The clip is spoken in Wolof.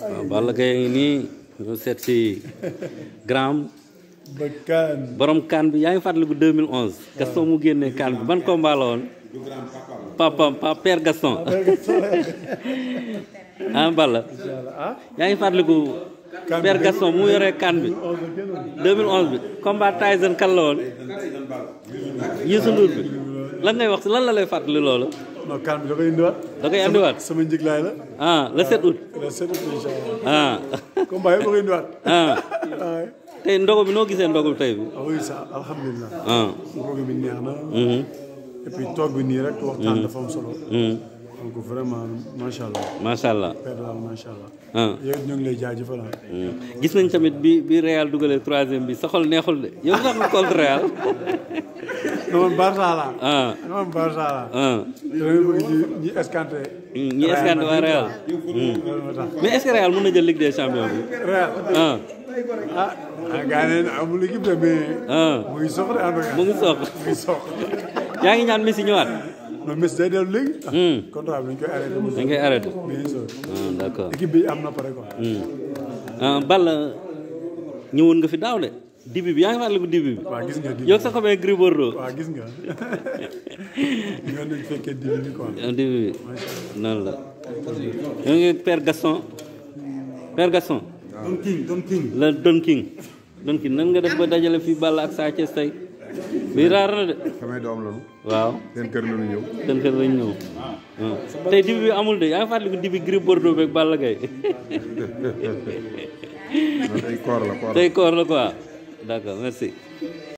Oh, iya. Balla ini ngi si Gram. ba kaan borom kaan bi 2011. Gaston mu nih kan bi ban combat papa papa père Gaston. ah Balla. yaa ngi fàttaliku. père Gaston mu yore kaan bi. 2011 bi combat Tyson kan la bi lan ngay wax lan la lay non kaan bi da koy indiwaat. da la. ah le ah. ah. 7 tey ndogo bi noo gisee ndogo bi tey bi. Ah mm-hmm. toog bi nii rek. waxtaan mm-hmm. dafa am solo. Mm-hmm. kooku vraiment macha allah. macha allah père daal macha allah. Ah. yow ñu ngi lay jaajëfal. Ah. Hmm. gis nañ tamit bi bi Real dugalee troisième bi sa xol neexul de yow sax nga contre Real. dama Barça la. dama ah. Barça la. damay bëgg ñi escanté. Hmm, ñi escanté waa Real. Hmm. mais est-ce que Real mën na jël Ligue des champions bi. Real. ah ah gars yi amul équipe de mais. mu ngi sox de en tout cas mu ngi sox. yaa ngi ñaan Messi ñëwaat. non Messi day dellu léegi. Hmm. contrat bi d' ah, accord équipe bi am na pare quoi. Hmm. Ah, Balla ñëwoon nga fi daaw de. dibi bi yaa bi. waaw gis sa xamee Gris Bordeaux. gis nga ñoo ngi fekkee dibi bi quoi. Ah, dibi bi noonu la. ñoo ngi Père Gaston. Père Gaston. la Don nan nga def ba dajale fii Balla ak Sa Thiès tey. lii raar de. doom lañu. waaw seen kër lañu ñëw. seen kër lañu ñëw. tey dibi bi amul de yaa ngi fàttaliku dibi Gris Bordeaux beeg Balla Gaye. tey koor la koor la koor la quoi d'accord merci.